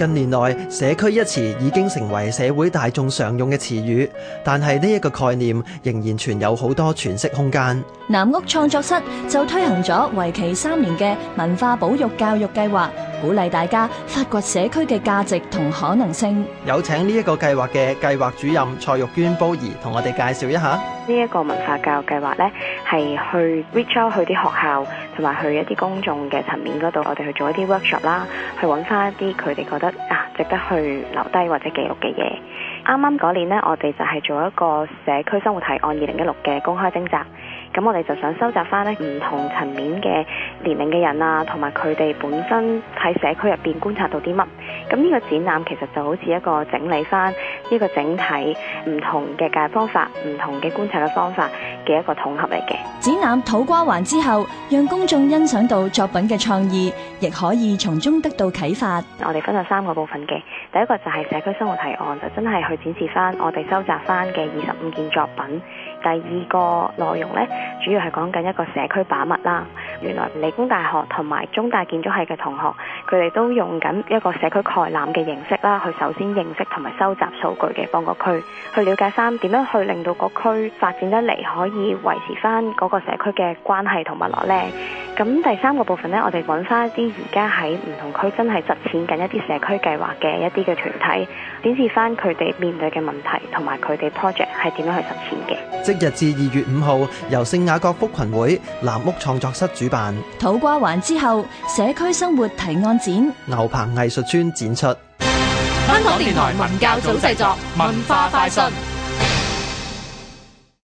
近年來，社區一詞已經成為社會大眾常用嘅詞語，但係呢一個概念仍然存有好多詮釋空間。南屋創作室就推行咗為期三年嘅文化保育教育計劃，鼓勵大家發掘社區嘅價值同可能性。有請呢一個計劃嘅計劃主任蔡玉娟煲兒同我哋介紹一下呢一個文化教育計劃咧，係去 reach out 去啲學校同埋去一啲公眾嘅層面嗰度，我哋去做一啲 workshop 啦。去揾翻一啲佢哋覺得啊值得去留低或者記錄嘅嘢。啱啱嗰年呢，我哋就係做一個社區生活提案二零一六嘅公開徵集。咁我哋就想收集翻咧唔同層面嘅年齡嘅人啊，同埋佢哋本身喺社區入邊觀察到啲乜。咁呢個展覽其實就好似一個整理翻呢個整體唔同嘅介入方法，唔同嘅觀察嘅方法。嘅一個統合嚟嘅展覽，指南土瓜灣之後，讓公眾欣賞到作品嘅創意，亦可以從中得到啟發。我哋分咗三個部分嘅，第一個就係社區生活提案，就真係去展示翻我哋收集翻嘅二十五件作品。第二個內容咧，主要係講緊一個社區把脈啦。原來理工大學同埋中大建築系嘅同學，佢哋都用緊一個社區概覽嘅形式啦，去首先認識同埋收集數據嘅幫個區，去了解三點樣去令到個區發展得嚟可以。以維持翻嗰個社區嘅關係同埋脈絡咧，咁第三個部分呢，我哋揾翻啲而家喺唔同區真係實踐緊一啲社區計劃嘅一啲嘅團體，展示翻佢哋面對嘅問題同埋佢哋 project 係點樣去實踐嘅。即日至二月五號，由聖雅各福群會藍屋創作室主辦，土瓜灣之後社區生活提案展，牛棚藝術村展出。香港電台文教組製作，文化快訊。